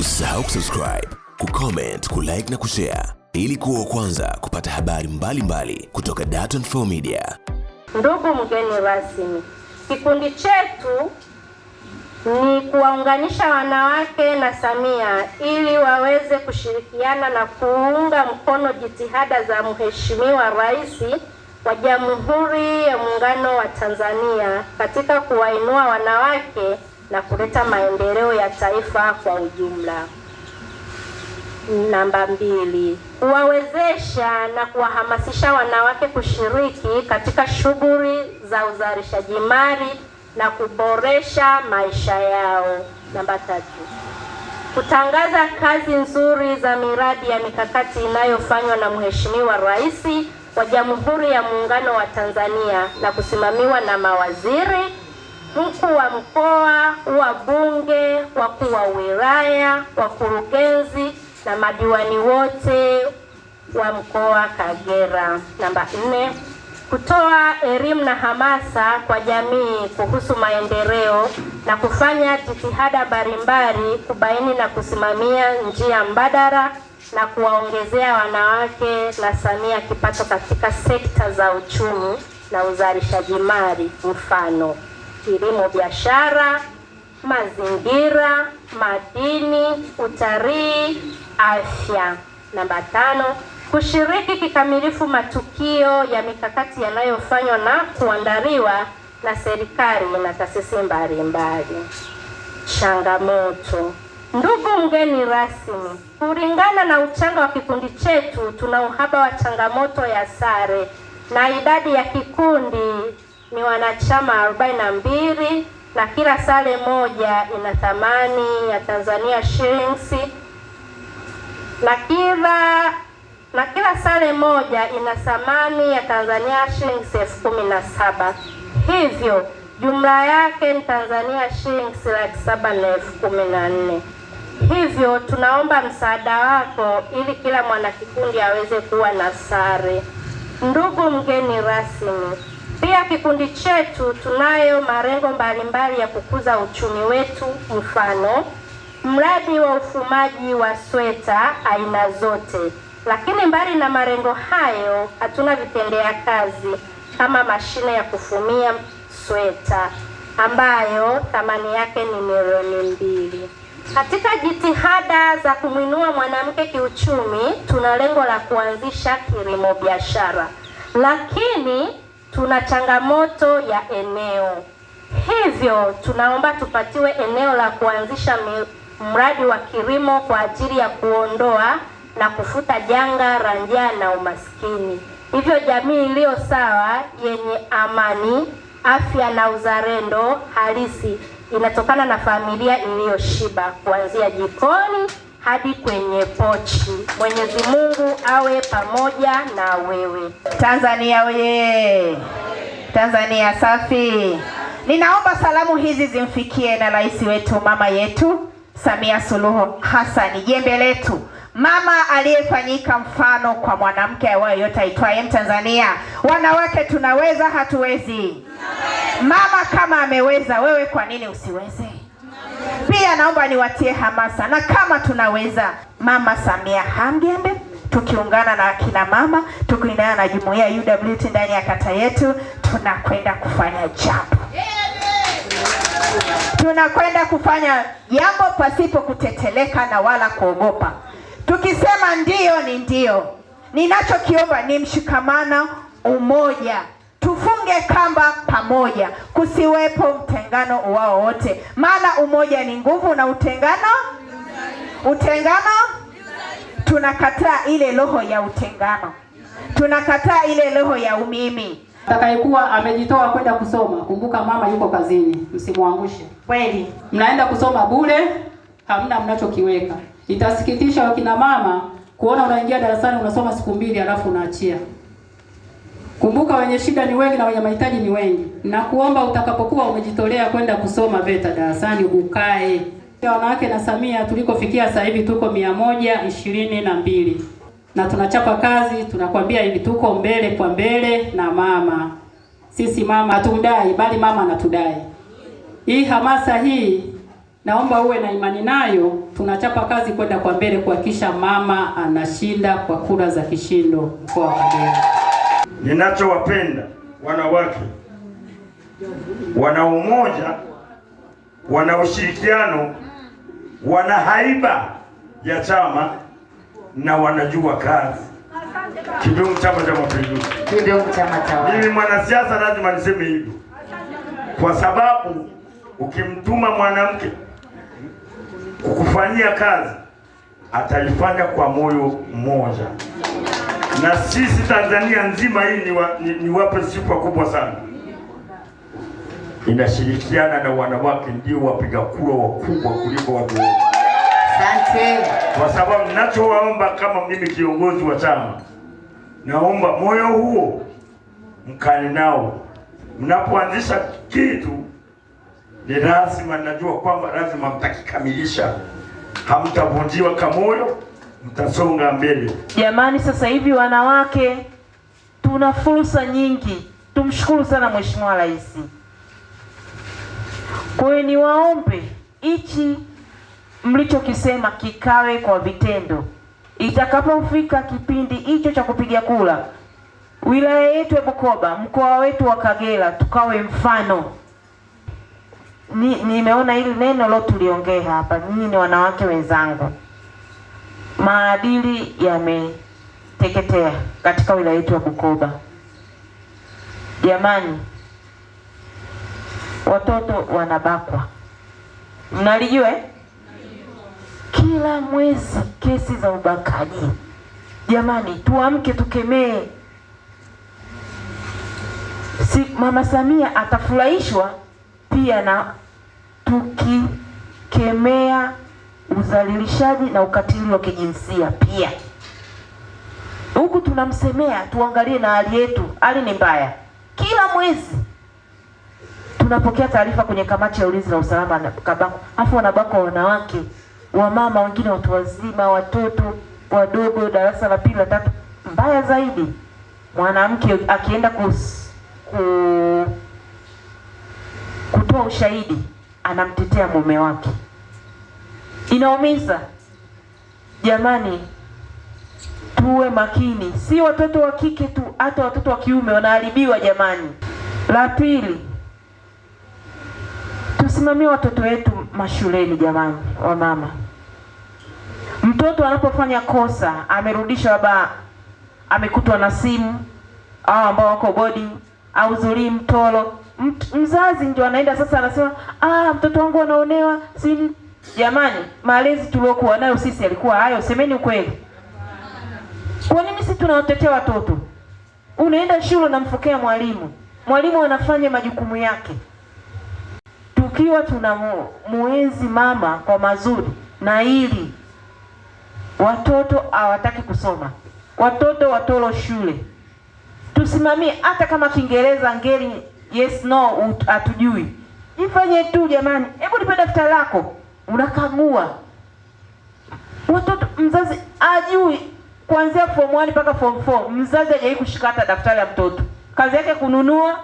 Usisahau kusubscribe, kucomment, kulike na kushare ili kuwa kwanza kupata habari mbalimbali mbali kutoka Dar24 Media. Ndugu mgeni rasmi, kikundi chetu ni kuwaunganisha wanawake na Samia ili waweze kushirikiana na kuunga mkono jitihada za Mheshimiwa Rais wa Jamhuri ya Muungano wa Tanzania katika kuwainua wanawake na kuleta maendeleo ya taifa kwa ujumla. Namba mbili, kuwawezesha na kuwahamasisha wanawake kushiriki katika shughuli za uzalishaji mali na kuboresha maisha yao. Namba tatu, kutangaza kazi nzuri za miradi ya mikakati inayofanywa na Mheshimiwa Rais wa Jamhuri ya Muungano wa Tanzania na kusimamiwa na mawaziri mkuu wa mkoa, wabunge, wakuu wa wilaya, wakurugenzi na madiwani wote wa mkoa Kagera. Namba nne, kutoa elimu na hamasa kwa jamii kuhusu maendeleo na kufanya jitihada mbalimbali kubaini na kusimamia njia mbadala na kuwaongezea wanawake na Samia kipato katika sekta za uchumi na uzalishaji mali mfano kilimo biashara, mazingira, madini, utalii, afya. Namba tano, kushiriki kikamilifu matukio ya mikakati yanayofanywa na kuandaliwa na serikali na taasisi mbalimbali. Changamoto. Ndugu mgeni rasmi, kulingana na uchanga wa kikundi chetu, tuna uhaba wa changamoto ya sare na idadi ya kikundi ni wanachama 42 na kila sare moja ina thamani ya Tanzania shillings na kila na kila sare moja ina thamani ya Tanzania shillings elfu kumi na saba hivyo jumla yake ni Tanzania shillings laki saba na elfu kumi na nne. Hivyo tunaomba msaada wako ili kila mwanakikundi aweze kuwa na sare. Ndugu mgeni rasmi pia kikundi chetu tunayo malengo mbalimbali ya kukuza uchumi wetu, mfano mradi wa ufumaji wa sweta aina zote. Lakini mbali na malengo hayo, hatuna vitendea kazi kama mashine ya kufumia sweta ambayo thamani yake ni milioni mbili. Katika jitihada za kumwinua mwanamke kiuchumi, tuna lengo la kuanzisha kilimo biashara, lakini tuna changamoto ya eneo, hivyo tunaomba tupatiwe eneo la kuanzisha mradi wa kilimo kwa ajili ya kuondoa na kufuta janga la njaa na umaskini. Hivyo jamii iliyo sawa, yenye amani, afya na uzalendo halisi inatokana na familia iliyoshiba kuanzia jikoni hadi kwenye pochi. Mwenyezi Mungu awe pamoja na wewe. Tanzania oye! Tanzania safi! Ninaomba salamu hizi zimfikie na rais wetu mama yetu Samia Suluhu Hassan, jembe letu, mama aliyefanyika mfano kwa mwanamke awaye yote aitwaye Mtanzania. Wanawake tunaweza, hatuwezi? Mama kama ameweza, wewe kwa nini usiweze? Pia naomba niwatie hamasa, na kama tunaweza, Mama Samia Hamgembe tukiungana na akina mama, tukiungana na jumuiya ya UWT ndani ya kata yetu, tunakwenda kufanya jambo, tunakwenda kufanya jambo pasipo kuteteleka na wala kuogopa. Tukisema ndio ni ndio. Ninachokiomba ni mshikamano, umoja Tufunge kamba pamoja, kusiwepo mtengano wao wote, maana umoja ni nguvu na utengano utengano. Tunakataa ile roho ya utengano, tunakataa ile roho ya umimi. Atakayekuwa amejitoa kwenda kusoma, kumbuka mama yuko kazini, msimwangushe. Kweli mnaenda kusoma bure, hamna mnachokiweka. Itasikitisha wakina mama kuona unaingia darasani unasoma siku mbili, alafu unaachia. Kumbuka wenye shida ni wengi na wenye mahitaji ni wengi, na kuomba utakapokuwa umejitolea kwenda kusoma VETA darasani ukae. Wanawake na Samia tulikofikia sasa hivi tuko mia moja ishirini na mbili na tunachapa kazi. Tunakwambia hivi, tuko mbele kwa mbele na mama. Sisi mama hatumdai, bali mama anatudai. Hii hamasa hii naomba uwe na imani nayo. Tunachapa kazi kwenda kwa mbele kuhakikisha mama anashinda kwa kura za kishindo mkoa wa Kagera ninachowapenda wanawake, wana umoja, wana ushirikiano, wana haiba ya chama na wanajua kazi. Kidumu Chama cha Mapinduzi! Mimi mwanasiasa lazima niseme hivyo, kwa sababu ukimtuma mwanamke kukufanyia kazi ataifanya kwa moyo mmoja na sisi Tanzania nzima hii ni, wa, ni, ni wape sifa kubwa sana. Inashirikiana na wanawake ndio wapiga kura wakubwa kuliko watu wote. Asante. Kwa sababu ninachowaomba kama mimi kiongozi wa chama, naomba moyo huo mkale nao mnapoanzisha kitu ni lazima, najua kwamba lazima mtakikamilisha, hamtavunjiwa kamoyo mtasonga mbele. Jamani, sasa hivi wanawake tuna fursa nyingi, tumshukuru sana Mheshimiwa Rais. Kwa hiyo niwaombe hichi mlichokisema kikawe kwa vitendo, itakapofika kipindi hicho cha kupiga kura, wilaya yetu ya Bukoba, mkoa wetu wa Kagera, tukawe mfano. Ni nimeona hili neno lote tuliongea hapa, nyinyi ni wanawake wenzangu maadili yameteketea katika wilaya yetu ya Bukoba. Jamani, watoto wanabakwa, mnalijua eh? Kila mwezi kesi za ubakaji. Jamani, tuamke, tukemee. Si Mama Samia atafurahishwa pia na tukikemea udhalilishaji na ukatili wa kijinsia pia. Huku tunamsemea, tuangalie na hali yetu, hali ni mbaya. Kila mwezi tunapokea taarifa kwenye kamati ya ulinzi na usalama na Kabako, afu wanabakwa wanawake, wamama, wengine watu wazima, watoto wadogo, darasa la pili la tatu. Mbaya zaidi, mwanamke akienda ku, kutoa ushahidi, anamtetea mume wake. Inaumiza jamani, tuwe makini, si watoto wa kike tu, hata watoto wa kiume wanaharibiwa jamani. La pili, tusimamie watoto wetu mashuleni jamani, wa mama Mtoto anapofanya kosa, amerudishwa baba, amekutwa na simu au ambao wako bodi au zuri mtolo mzazi ndio anaenda sasa, anasema ah, mtoto wangu anaonewa si Jamani, malezi tuliokuwa nayo sisi yalikuwa hayo? Semeni ukweli. Kwa nini sisi tunawatetea watoto? Unaenda shule unamfokea mwalimu, mwalimu anafanya majukumu yake, tukiwa tuna tunamuenzi mama kwa mazuri na ili watoto hawataki kusoma, watoto watolo shule. Tusimamie hata kama Kiingereza ngeli yes no hatujui, ifanye tu jamani. Hebu nipe daftari lako unakagua watoto. Mzazi ajui kuanzia form 1 mpaka form 4, mzazi hajawahi kushika hata daftari la mtoto. Kazi yake kununua,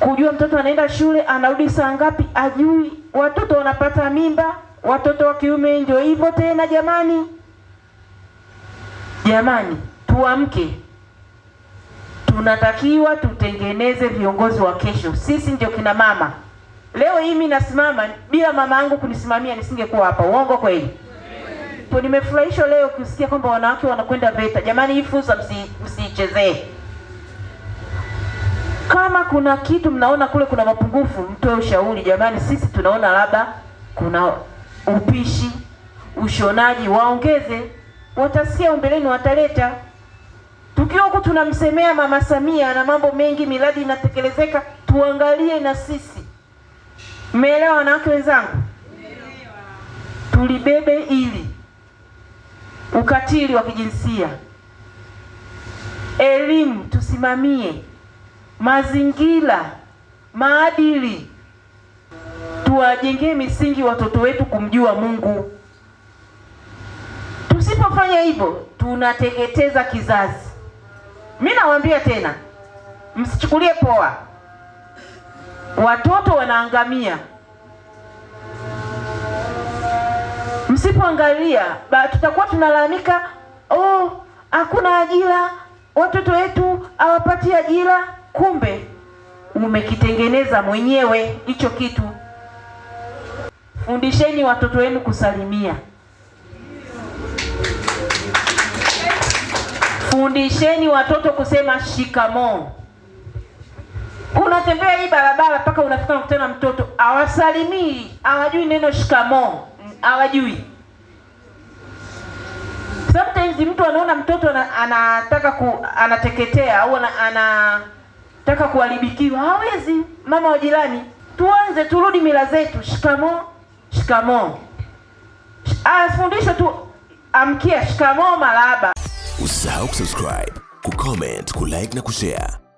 kujua mtoto anaenda shule anarudi saa ngapi, ajui. Watoto wanapata mimba, watoto wa kiume ndio hivyo tena. Jamani, jamani, tuamke. Tunatakiwa tutengeneze viongozi wa kesho. Sisi ndio kina mama. Leo hii mimi nasimama bila mama yangu kunisimamia nisingekuwa hapa. Uongo kweli? Tu nimefurahishwa leo kusikia kwamba wanawake wanakwenda VETA. Jamani, hii fursa msiichezee. Msi kama kuna kitu mnaona kule kuna mapungufu, mtoe ushauri. Jamani, sisi tunaona labda kuna upishi, ushonaji, waongeze. Watasikia umbeleni, wataleta. Tukiwa huku tunamsemea Mama Samia na mambo mengi, miradi inatekelezeka, tuangalie na sisi Mmeelewa wanawake wenzangu? Tulibebe ili ukatili wa kijinsia, elimu tusimamie, mazingira, maadili, tuwajengee misingi watoto wetu kumjua Mungu. Tusipofanya hivyo, tunateketeza kizazi. Mimi nawaambia tena, msichukulie poa watoto wanaangamia. Msipoangalia tutakuwa tunalalamika, oh, hakuna ajira, watoto wetu hawapati ajira. Kumbe umekitengeneza mwenyewe hicho kitu. Fundisheni watoto wenu kusalimia, fundisheni watoto kusema shikamoo unatembea hii barabara mpaka unafika unakutana mtoto awasalimii, awajui neno shikamoo, awajui Sometimes mtu anaona mtoto anataka ku, anateketea au anataka kuharibikiwa, hawezi. Mama wa jirani, tuanze turudi mila zetu, shikamoo, shikamoo, afundisha tu, amkia shikamoo, marahaba. Usisahau kusubscribe, kucomment, kulike na kushare